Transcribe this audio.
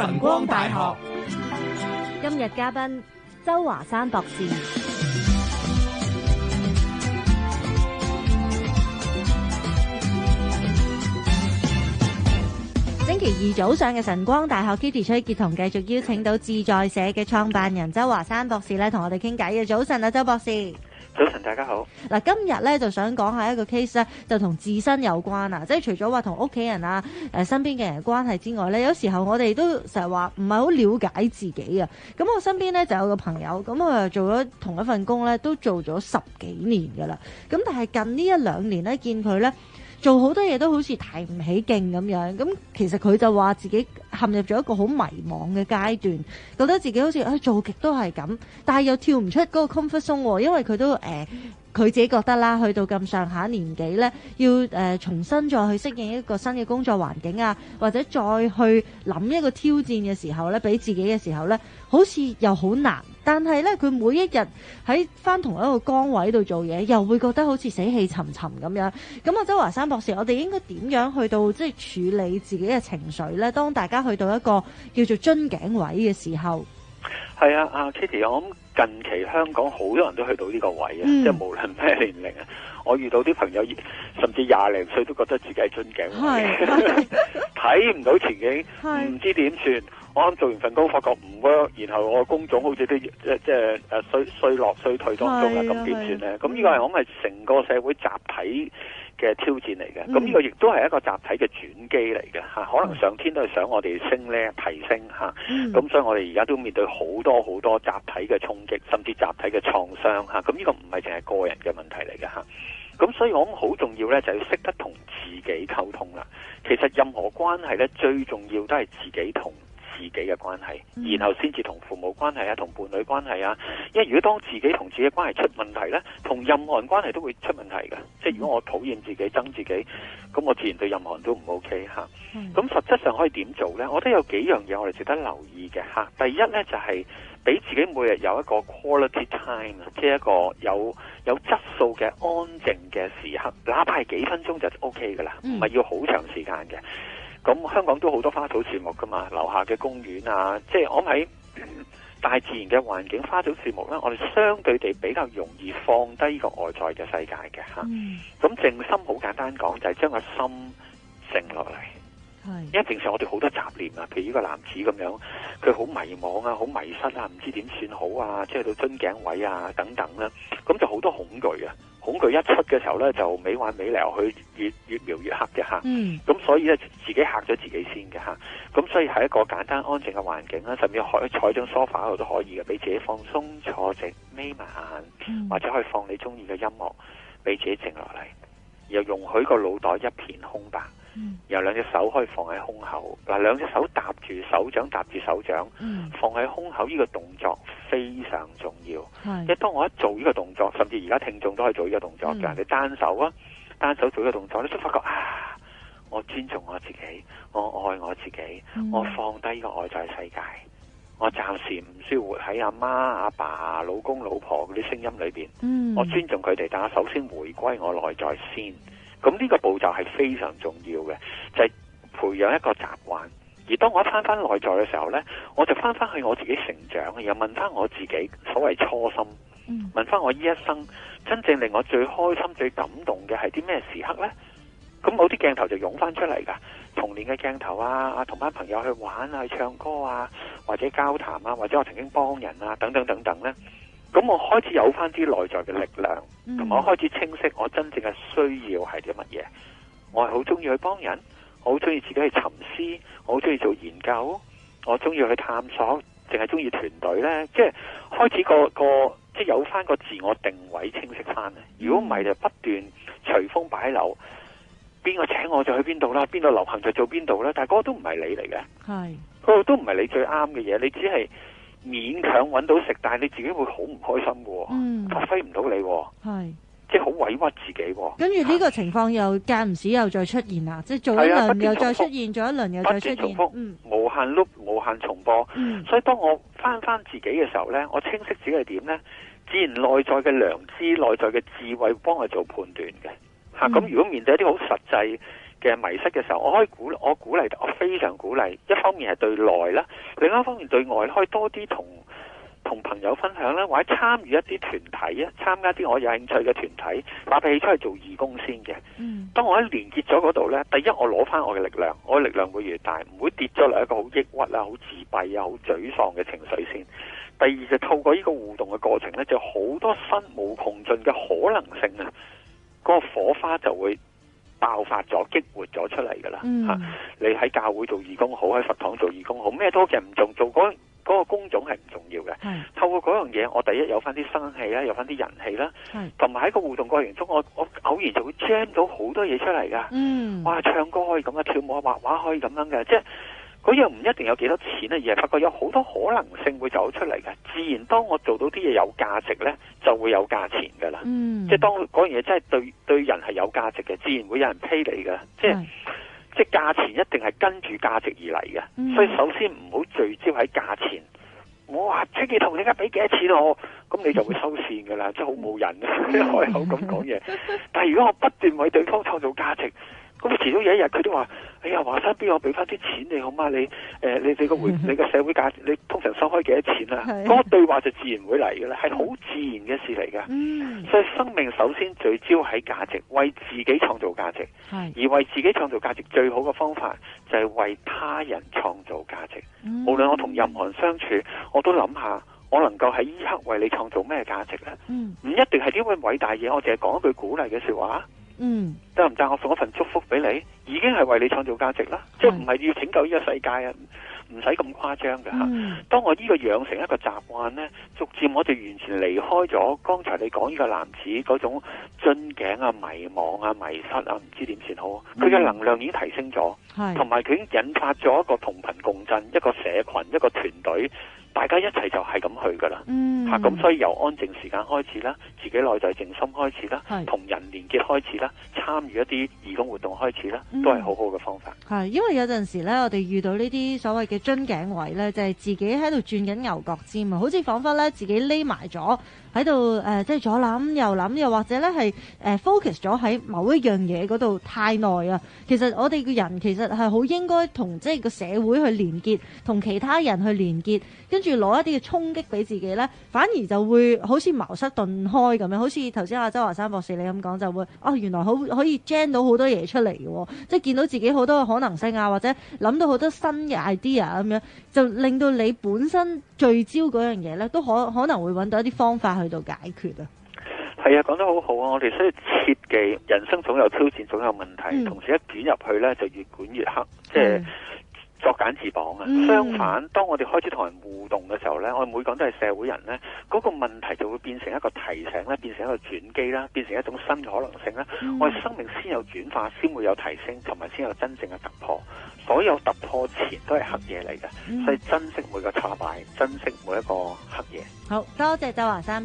晨光大學今日嘉賓周華山博士。星期二早上嘅晨光大學，Kitty 崔杰同繼續邀請到自在社嘅創辦人周華山博士咧，同我哋傾偈嘅。早晨啊，周博士。早晨，大家好。嗱，今日咧就想講下一個 case 咧，就同自身有關啦，即係除咗話同屋企人啊、誒身邊嘅人嘅關係之外咧，有時候我哋都成日話唔係好了解自己啊。咁我身邊咧就有個朋友，咁佢又做咗同一份工咧，都做咗十幾年噶啦。咁但係近呢一兩年咧，見佢咧。做好多嘢都好似提唔起勁咁樣，咁其實佢就話自己陷入咗一個好迷茫嘅階段，覺得自己好似、哎、做極都係咁，但又跳唔出嗰個 comfort zone 哦，因為佢都、欸嗯佢自己覺得啦，去到咁上下年紀呢，要誒、呃、重新再去適應一個新嘅工作環境啊，或者再去諗一個挑戰嘅時候呢，俾自己嘅時候呢，好似又好難。但係呢，佢每一日喺返同一個崗位度做嘢，又會覺得好似死氣沉沉咁樣。咁啊，周華山博士，我哋應該點樣去到即係處理自己嘅情緒呢？當大家去到一個叫做樽頸位嘅時候。係啊，阿 Kitty，我諗近期香港好多人都去到呢個位啊、嗯，即係無論咩年齡啊，我遇到啲朋友，甚至廿零歲都覺得自己係樽頸，睇唔 到前景，唔知點算。我啱做完份工，發覺唔 work，然後我嘅工種好似都即即係誒衰衰落衰退當中啊。咁點算咧？咁呢、啊啊、個係我諗係成個社會集體。嘅挑戰嚟嘅，咁呢個亦都係一個集體嘅轉機嚟嘅、嗯、可能上天都係想我哋升咧提升吓咁、嗯啊、所以我哋而家都面對好多好多集體嘅衝擊，甚至集體嘅創傷嚇，咁、啊、呢個唔係淨係個人嘅問題嚟嘅嚇，咁、啊、所以我講好重要咧，就係、要識得同自己溝通啦。其實任何關係咧，最重要都係自己同嘅關係，然後先至同父母關係啊，同伴侶關係啊。因為如果當自己同自己關係出問題呢，同任何人關係都會出問題嘅、嗯。即係如果我討厭自己、憎自己，咁我自然對任何人都唔 OK 吓、嗯。咁實質上可以點做呢？我都有幾樣嘢我哋值得留意嘅吓。第一呢，就係、是、俾自己每日有一個 quality time，即係一個有有質素嘅安靜嘅時刻，哪怕係幾分鐘就 OK 噶啦，唔係要好長時間嘅。嗯咁香港都好多花草樹木噶嘛，樓下嘅公園啊，即係我喺大自然嘅環境，花草樹木咧，我哋相對地比較容易放低個外在嘅世界嘅吓。嗯，咁靜心好簡單講，就係將個心靜落嚟。因為平時我哋好多雜念啊，譬如呢個男子咁樣，佢好迷茫啊，好迷失啊，唔知點算好啊，即係到樽頸位啊等等啦、啊，咁就好多恐懼啊，恐懼一出嘅時候咧就尾挽尾撩，佢越越描越黑嘅吓，咁、嗯、所以咧自己嚇咗自己先嘅吓，咁所以喺一個簡單安靜嘅環境咧，甚至可以坐張梳化度都可以嘅，俾自己放鬆坐直，眯埋眼、嗯，或者可以放你中意嘅音樂，俾自己靜落嚟，又容許個腦袋一片空白。然後兩隻手可以放喺胸口，嗱，兩隻手搭住，手掌搭住手掌，放喺胸口。呢個動作非常重要。係，因為當我一做呢個動作，甚至而家聽眾都可以做呢個動作嘅、嗯。你單手啊，單手做呢個動作，你都發覺啊，我尊重我自己，我愛我自己，嗯、我放低呢個外在世界，我暫時唔需要活喺阿媽、阿爸，爸、老公、老婆嗰啲聲音裏邊、嗯。我尊重佢哋，但我首先回歸我內在先。咁呢個步驟係非常重要嘅，就係、是、培養一個習慣。而當我一翻翻內在嘅時候呢，我就翻翻去我自己成長，又問翻我自己所謂初心，嗯、問翻我呢一生真正令我最開心、最感動嘅係啲咩時刻呢？咁我啲鏡頭就湧翻出嚟噶，童年嘅鏡頭啊，同班朋友去玩啊、去唱歌啊，或者交談啊，或者我曾經幫人啊，等等等等呢。咁我開始有翻啲內在嘅力量，同我開始清晰我真正嘅需要係啲乜嘢。我係好中意去幫人，我好中意自己去沉思，我好中意做研究，我中意去探索，淨係中意團隊呢，即、就、係、是、開始個個即係、就是、有翻個自我定位，清晰翻啊！如果唔係就不斷隨風擺柳。邊個請我就去邊度啦，邊度流行就做邊度啦。但係嗰個都唔係你嚟嘅，係嗰、那個都唔係你最啱嘅嘢，你只係。勉強揾到食，但係你自己會好唔開心嘅，哦，嗯發揮唔到你係，哦，即係好委屈自己，哦。跟住呢個情況又間唔時又再出現啊，即係做一輪又再出現，做一輪又再出現，重複，一重複，嗯，無限碌，無限重播，嗯。所以當我翻翻自己嘅時候呢，我清晰自己係點呢？自然內在嘅良知，內在嘅智慧幫我做判斷嘅吓。咁，嗯啊，如果面對一啲好實際。嘅迷失嘅時候，我可以鼓我鼓勵，我非常鼓勵。一方面係對內啦，另一方面對外，可以多啲同同朋友分享啦，或者參與一啲團體啊，參加啲我有興趣嘅團體，發起出去做義工先嘅。嗯，當我喺連結咗嗰度呢，第一我攞翻我嘅力量，我嘅力量會越大，唔會跌咗落一個好抑鬱啊、好自閉啊、好沮喪嘅情緒先。第二就透過呢個互動嘅過程呢，就好多身無窮盡嘅可能性啊，個火花就會。爆發咗，激活咗出嚟噶啦！吓、嗯啊，你喺教會做義工好，喺佛堂做義工好，咩都其實唔重要，做嗰、嗰個、嗰個工種係唔重要嘅。透過嗰樣嘢，我第一有翻啲生氣啦，有翻啲人氣啦，同埋喺個互動過程中，我我偶然就會 jam 到好多嘢出嚟噶。嗯，哇，唱歌可以咁樣啊，跳舞、畫畫可以咁樣嘅，即係。佢嗰樣唔一定有幾多錢嘅嘢，不過有好多可能性會走出嚟㗎。自然，當我做到啲嘢有價值呢，就會有價錢噶啦、嗯。即係當嗰樣嘢真係對對人係有價值嘅，自然會有人批你噶。即係即係價錢一定係跟住價值而嚟嘅、嗯。所以首先唔好聚焦喺價錢。我話崔建同，你而家畀幾多錢我？咁你就會收線噶啦，即係好冇你開口咁講嘢， 但係如果我不斷為對方創造價值。咁佢遲早有一日，佢都話，哎呀，華生，邊我俾翻啲錢你好嘛？你，誒、呃，你你個會，你個社會價值， 你通常收開幾多錢啊？嗰 個對話就自然會嚟嘅啦，係好自然嘅事嚟嘅。嗯，所以生命首先聚焦喺價值，為自己創造價值，而為自己創造價值最好嘅方法就係為他人創造價值。嗯、無論我同任何人相處，我都諗下我能夠喺依刻為你創造咩價值咧？唔、嗯、一定係啲為偉大嘢，我淨係講一句鼓勵嘅説話。嗯，得唔得我送一份祝福俾你，已經係為你創造價值啦，即係唔係要拯救呢個世界啊？唔使咁誇張嘅，吓、嗯。當我呢個養成一個習慣呢，逐漸我就完全離開咗剛才你講呢個男子嗰種樽頸啊，迷茫啊，迷失啊，唔知點算好。佢嘅能量已經提升咗，同埋佢已經引發咗一個同頻共振，一個社群，一個團隊。大家一齊就係咁去噶啦，吓、嗯、咁、啊、所以由安靜時間開始啦，自己內在靜心開始啦，同人連結開始啦，參與一啲義工活動開始啦，都係好好嘅方法。係、嗯、因為有陣時呢，我哋遇到呢啲所謂嘅樽頸位呢，就係、是、自己喺度轉緊牛角尖啊，好似仿佛呢，自己匿埋咗。喺度誒，即、呃、係、就是、左諗右諗，又或者咧係、呃、focus 咗喺某一樣嘢嗰度太耐啊。其實我哋嘅人其實係好應該同即係個社會去連結，同其他人去連結，跟住攞一啲嘅衝擊俾自己咧，反而就會好似茅塞頓開咁樣。好似頭先阿周華山博士你咁講，就會哦，原來好可以 gen 到好多嘢出嚟嘅、哦，即係見到自己好多嘅可能性啊，或者諗到好多新嘅 idea 咁樣，就令到你本身聚焦嗰樣嘢咧，都可可能會揾到一啲方法。去到解決啊，係啊，講得好好啊！我哋需要切記，人生總有挑戰，總有問題。嗯、同時一卷入去咧，就越捲越黑，即、就、係、是、作繭自綁啊、嗯。相反，當我哋開始同人互動嘅時候咧，我哋每講都係社會人咧，嗰、那個問題就會變成一個提醒咧，變成一個轉機啦，變成一種新嘅可能性啦、嗯。我哋生命先有轉化，先會有提升，同埋先有真正嘅突破。所有突破前都係黑夜嚟嘅，所以珍惜每個挫敗，珍惜每一個黑夜。好多謝周華山。